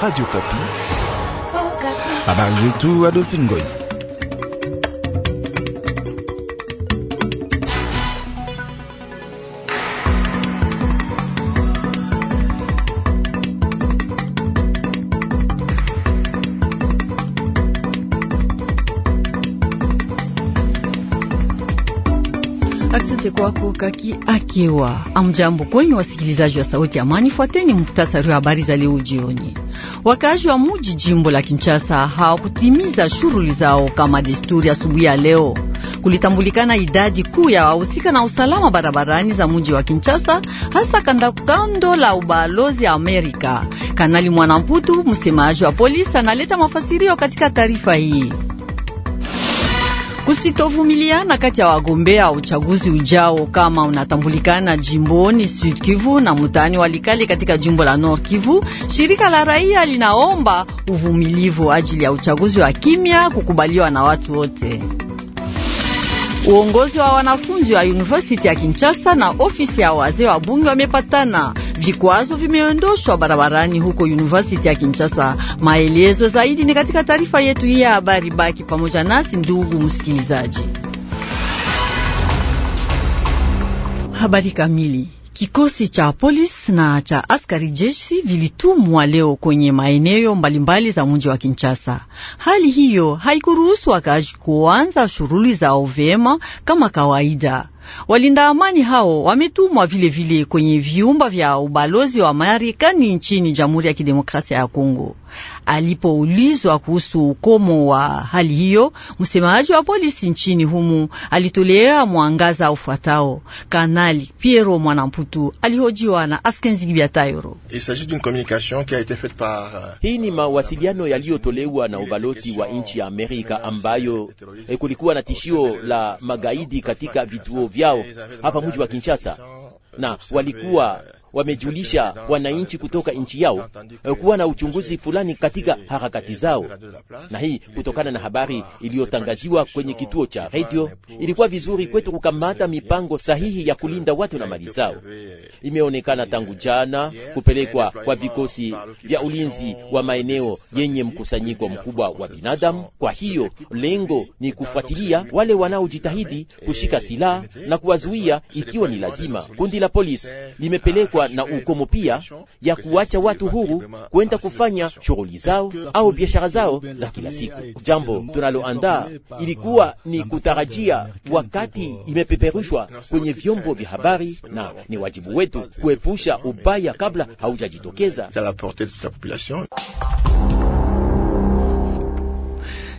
Radio oh, Kapi. Habari zetu Adolphine Goy. Asante kwako Kaki Akiwa. Amjambo kwenyu wasikilizaji wa Sauti ya Amani, fuateni muhtasari wa habari za leo jioni. Wakaaji wa muji jimbo la Kinshasa hawakutimiza shughuli zao kama desturi. Asubuhi ya leo kulitambulikana idadi kuu ya wahusika na usalama barabarani za muji wa Kinshasa, hasa kandokando la ubalozi Amerika. Kanali Mwanamputu, msemaji wa polisi, analeta mafasirio katika taarifa hii. Kusitovumiliana kati ya wagombea uchaguzi ujao kama unatambulikana jimboni Sud Kivu na wa Walikali katika jimbo la Nord Kivu. Shirika la raia linaomba uvumilivu ajili ya uchaguzi wa kimya kukubaliwa na watu wote. Uongozi wa wanafunzi wa University ya Kinshasa na ofisi ya wazee wa bunge wamepatana vikwazo vimeondoshwa barabarani huko University ya Kinshasa. Maelezo zaidi ni katika taarifa yetu hii ya habari. Baki pamoja nasi ndugu msikilizaji. Habari kamili. Kikosi cha polisi na cha askari jeshi vilitumwa leo kwenye maeneo mbalimbali za mji wa Kinshasa. Hali hiyo haikuruhusu wakaaji kuanza shughuli za ovema kama kawaida. Walinda amani hao wametumwa vilevile kwenye viumba vya ubalozi wa Marekani nchini Jamhuri ya Kidemokrasia ya Kongo. Alipoulizwa kuhusu ukomo wa hali hiyo, msemaji wa polisi nchini humu alitolea mwangaza ufuatao. Kanali Piero Mwanamputu alihojiwa na Askenzi euh, Hii ni mawasiliano yaliyotolewa na ubalozi wa nchi ya Amerika ambayo eh, kulikuwa na tishio la magaidi katika vituo vyao eh, hapa mji wa Kinshasa, na eh, walikuwa wamejulisha wananchi kutoka nchi yao eh, kuwa na uchunguzi fulani katika harakati zao, na hii kutokana na habari iliyotangaziwa kwenye kituo cha redio. Ilikuwa vizuri kwetu kukamata mipango sahihi ya kulinda watu na mali zao. Imeonekana tangu jana kupelekwa kwa vikosi vya ulinzi wa maeneo yenye mkusanyiko mkubwa wa binadamu. Kwa hiyo lengo ni kufuatilia wale wanaojitahidi kushika silaha na kuwazuia ikiwa ni lazima. Kundi la polisi limepelekwa na ukomo pia ya kuwacha watu huru kwenda kufanya shughuli zao au biashara zao za kila siku. Jambo tunaloandaa ilikuwa ni kutarajia wakati imepeperushwa kwenye vyombo vya habari, na ni wajibu wetu kuepusha ubaya kabla haujajitokeza.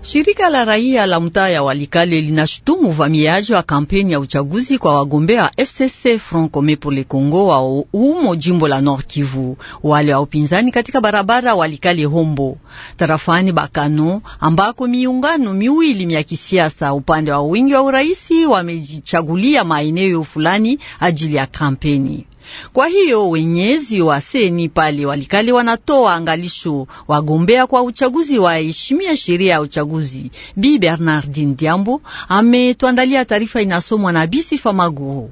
Shirika la raia la mtaa ya Walikale linashutumu uvamiaji wa kampeni ya uchaguzi kwa wagombea wa FCC Front Commun pour le Congo wa humo jimbo la Nord Kivu, wale wa upinzani katika barabara Walikale Hombo tarafani Bakano, ambako miungano miwili ya kisiasa upande wa wingi wa uraisi wamejichagulia maeneo fulani ajili ya kampeni. Kwa hiyo wenyezi wa seni pale walikali wanatoa angalisho wagombea kwa uchaguzi heshimia sheria ya uchaguzi. Bi Bernardin Diambo ametuandalia taarifa, inasomwa na Bisifa Maguru.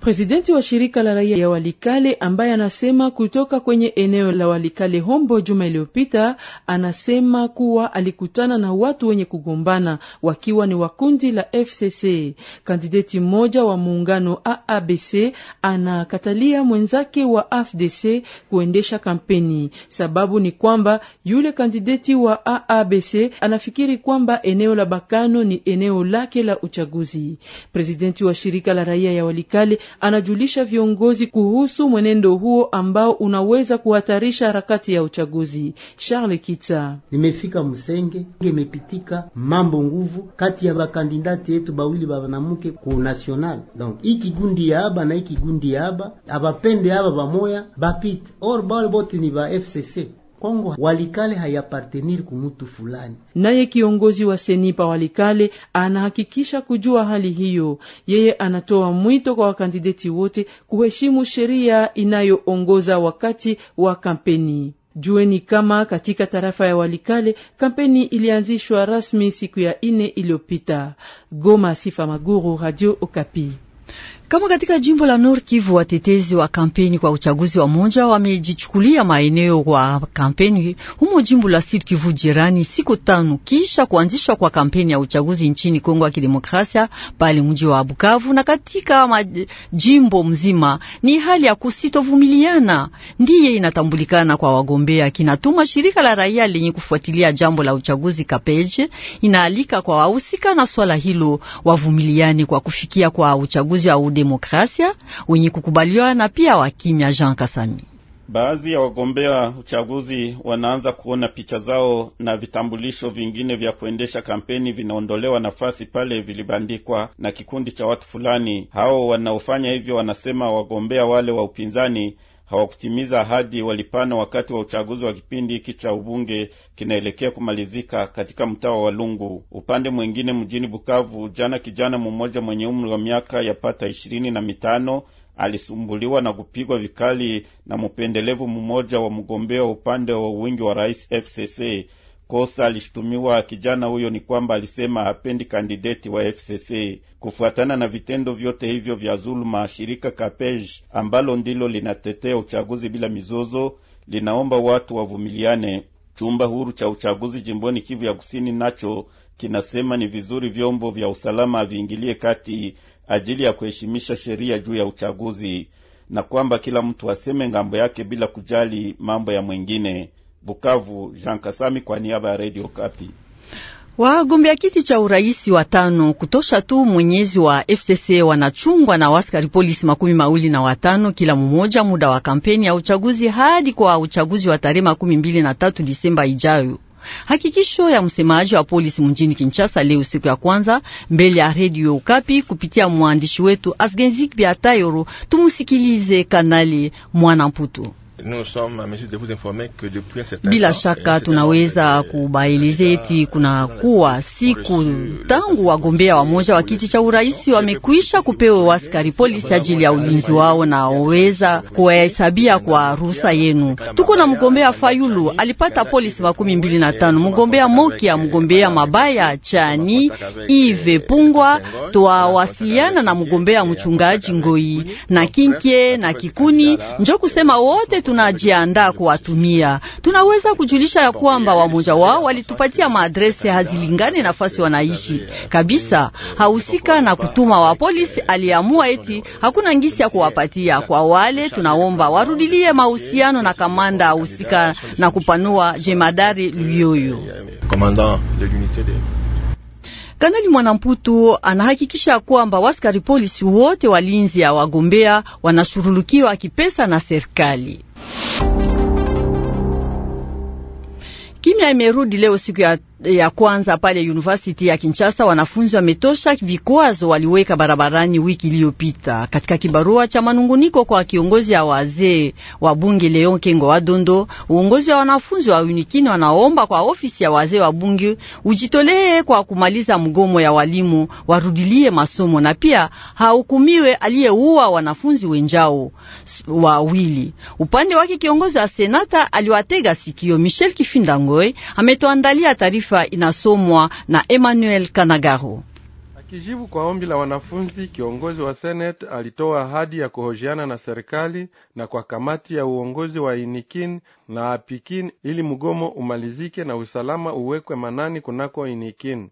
Presidenti wa shirika la raia ya Walikale ambaye anasema kutoka kwenye eneo la Walikale Hombo juma iliyopita, anasema kuwa alikutana na watu wenye kugombana wakiwa ni wa kundi la FCC. Kandideti mmoja wa muungano AABC anakatalia mwenzake wa AFDC kuendesha kampeni. Sababu ni kwamba yule kandideti wa AABC anafikiri kwamba eneo la Bakano ni eneo lake la uchaguzi. Presidenti wa shirika la raia ya Walikale anajulisha viongozi kuhusu mwenendo huo ambao unaweza kuhatarisha harakati ya uchaguzi. Charles Kita: nimefika Msenge, imepitika mambo nguvu kati ya bakandidati yetu bawili banamuke ku national. Donc ikigundi ya aba na ikigundi ya aba abapende aba bamoya bapite or bale bote ni ba FCC Kongo Walikale hayapartenir kumutu fulani. Naye kiongozi wa Senipa Walikale anahakikisha kujua hali hiyo. Yeye anatoa mwito kwa wakandideti wote kuheshimu sheria inayoongoza wakati wa kampeni. Jueni kama katika tarafa ya Walikale kampeni ilianzishwa rasmi siku ya ine iliyopita. Goma, Sifa Maguru, Radio Okapi. Kama katika jimbo la Nord Kivu, watetezi wa kampeni kwa uchaguzi wa moja wamejichukulia maeneo kwa kampeni humo jimbo la Sud Kivu jirani, siku tano kisha kuanzishwa kwa kampeni ya uchaguzi nchini Kongo ya Kidemokrasia, pale mji wa Bukavu na katika majimbo mzima. Ni hali ya kusitovumiliana ndiye inatambulikana kwa wagombea kinatuma. Shirika la raia lenye kufuatilia jambo la uchaguzi Kapeje inaalika kwa wahusika na swala hilo wavumiliani kwa kufikia kwa uchaguzi au demokrasia wenye kukubaliwa na pia wakimya. Jean Kasami, baadhi ya wagombea uchaguzi wanaanza kuona picha zao na vitambulisho vingine vya kuendesha kampeni vinaondolewa nafasi pale vilibandikwa na kikundi cha watu fulani. Hao wanaofanya hivyo wanasema wagombea wale wa upinzani hawakutimiza ahadi walipana wakati wa uchaguzi wa kipindi hiki cha ubunge kinaelekea kumalizika katika mtaa wa lungu Upande mwingine, mjini Bukavu jana, kijana mmoja mwenye umri wa miaka yapata ishirini na mitano alisumbuliwa na kupigwa vikali na mpendelevu mmoja wa mgombea upande wa wingi wa rais FCC. Kosa alishtumiwa kijana huyo ni kwamba alisema hapendi kandideti wa FCC. Kufuatana na vitendo vyote hivyo vya zuluma, shirika Kapej ambalo ndilo linatetea uchaguzi bila mizozo linaomba watu wavumiliane. Chumba huru cha uchaguzi jimboni Kivu ya Kusini nacho kinasema ni vizuri vyombo vya usalama viingilie kati ajili ya kuheshimisha sheria juu ya uchaguzi na kwamba kila mtu aseme ngambo yake bila kujali mambo ya mwingine. Bukavu, Jean Kasami kwa niaba ya Radio Kapi. Wagombea kiti cha urais watano kutosha tu mwenyezi wa FCC wanachungwa na waskari polisi makumi mawili na watano kila mmoja, muda wa kampeni ya uchaguzi hadi kwa uchaguzi wa tarehe makumi mbili na tatu Disemba ijayo. Hakikisho ya msemaji wa polisi mjini Kinshasa leo siku ya kwanza mbele ya redio Ukapi kupitia mwandishi wetu Asgenzik Biatayoro. Tumusikilize Kanali Mwanamputu. Bila shaka tunaweza euh, kubaeleza eti kuna kuwa siku tangu wagombea wamoja wa kiti cha urais wamekwisha kupewa askari polisi ajili ya ulinzi wao, na waweza kuwahesabia kwa rusa yenu. Tuko na mgombea Fayulu alipata polisi makumi mbili na tano, mgombea Mokia, mgombea Mabaya Chani, Ive Pungwa, twawasiliana na mgombea mchungaji Ngoi na Kinke na Kikuni, njo kusema wote tunajiandaa kuwatumia. Tunaweza kujulisha ya kwamba wamoja wao walitupatia maadresi hazilingani nafasi wanaishi kabisa. Hahusika na kutuma wa polisi aliamua eti hakuna ngisi ya kuwapatia kwa wale. Tunaomba warudilie mahusiano na kamanda husika na kupanua jemadari Luyoyo. Kanali Mwanamputu anahakikisha kwamba waskari polisi wote walinzi ya wagombea wanashurulukiwa kipesa na serikali. Kimya imerudi leo siku ya ya kwanza pale University ya Kinshasa wanafunzi wametosha vikwazo waliweka barabarani wiki iliyopita. Katika kibarua cha manunguniko kwa kiongozi ya wazee wa bunge Leon Kengo wa Dondo, uongozi wa wanafunzi wa Unikini wanaomba kwa ofisi ya wazee wa bunge ujitolee kwa kumaliza mgomo ya walimu, warudilie masomo na pia hahukumiwe aliyeua wanafunzi wenjao wawili. Upande wake kiongozi wa senata aliwatega sikio. Michel Kifindangoi ametoandalia taarifa taifa inasomwa na Emmanuel Kanagaro. Akijibu kwa ombi la wanafunzi, kiongozi wa Senate alitoa ahadi ya kuhojiana na serikali na kwa kamati ya uongozi wa Inikin na Apikin ili mgomo umalizike na usalama uwekwe manani kunako Inikin.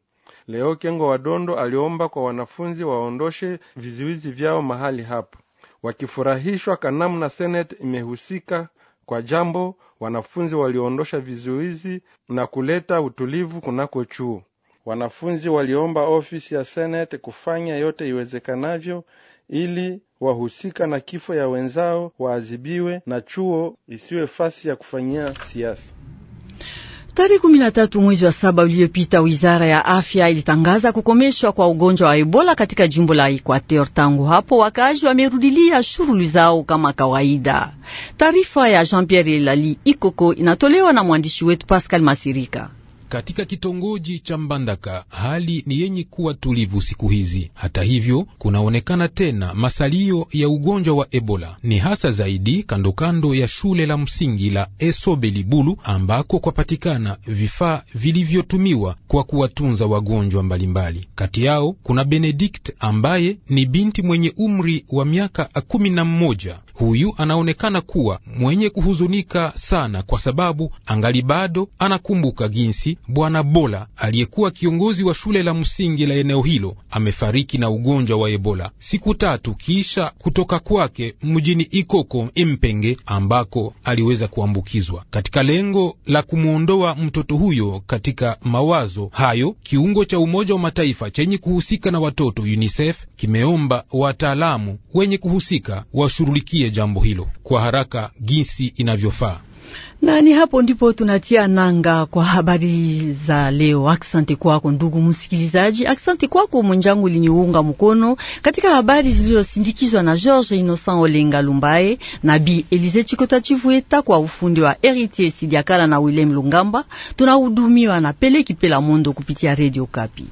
Leo Kengo wa Dondo aliomba kwa wanafunzi waondoshe vizuizi vyao mahali hapo, wakifurahishwa na Senate imehusika kwa jambo wanafunzi waliondosha vizuizi na kuleta utulivu kunako chuo wanafunzi waliomba ofisi ya senete kufanya yote iwezekanavyo ili wahusika na kifo ya wenzao waadhibiwe na chuo isiwe fasi ya kufanyia siasa Tarehe kumi na tatu mwezi wa saba uliopita, wizara ya afya ilitangaza kukomeshwa kwa ugonjwa wa Ebola katika jimbo la Equateur. Tangu hapo wakaaji wamerudilia shughuli zao kama kawaida. Taarifa ya Jean Pierre Elali Ikoko inatolewa na mwandishi wetu Pascal Masirika. Katika kitongoji cha Mbandaka hali ni yenye kuwa tulivu siku hizi. Hata hivyo, kunaonekana tena masalio ya ugonjwa wa Ebola, ni hasa zaidi kandokando kando ya shule la msingi la Esobe Libulu ambako kwapatikana vifaa vilivyotumiwa kwa kuwatunza wagonjwa mbalimbali. Kati yao kuna Benedict ambaye ni binti mwenye umri wa miaka kumi na mmoja. Huyu anaonekana kuwa mwenye kuhuzunika sana, kwa sababu angali bado anakumbuka jinsi Bwana Bola aliyekuwa kiongozi wa shule la msingi la eneo hilo amefariki na ugonjwa wa Ebola siku tatu kisha kutoka kwake mjini Ikoko Impenge, ambako aliweza kuambukizwa. Katika lengo la kumwondoa mtoto huyo katika mawazo hayo, kiungo cha Umoja wa Mataifa chenye kuhusika na watoto UNICEF kimeomba wataalamu wenye kuhusika washughulikie jambo hilo kwa haraka jinsi inavyofaa na ni hapo ndipo tunatia nanga kwa habari za leo. Aksante kwako ndugu msikilizaji, aksante kwako mwenjangu liniunga mkono katika habari zilizosindikizwa na George Innocent Olenga Lumbaye na Bi Elize Chikota Chivueta kwa ufundi wa Heritier Sidiakala na Willem Lungamba. Tunahudumiwa na Peleki Pela Mondo kupitia Radio Kapi.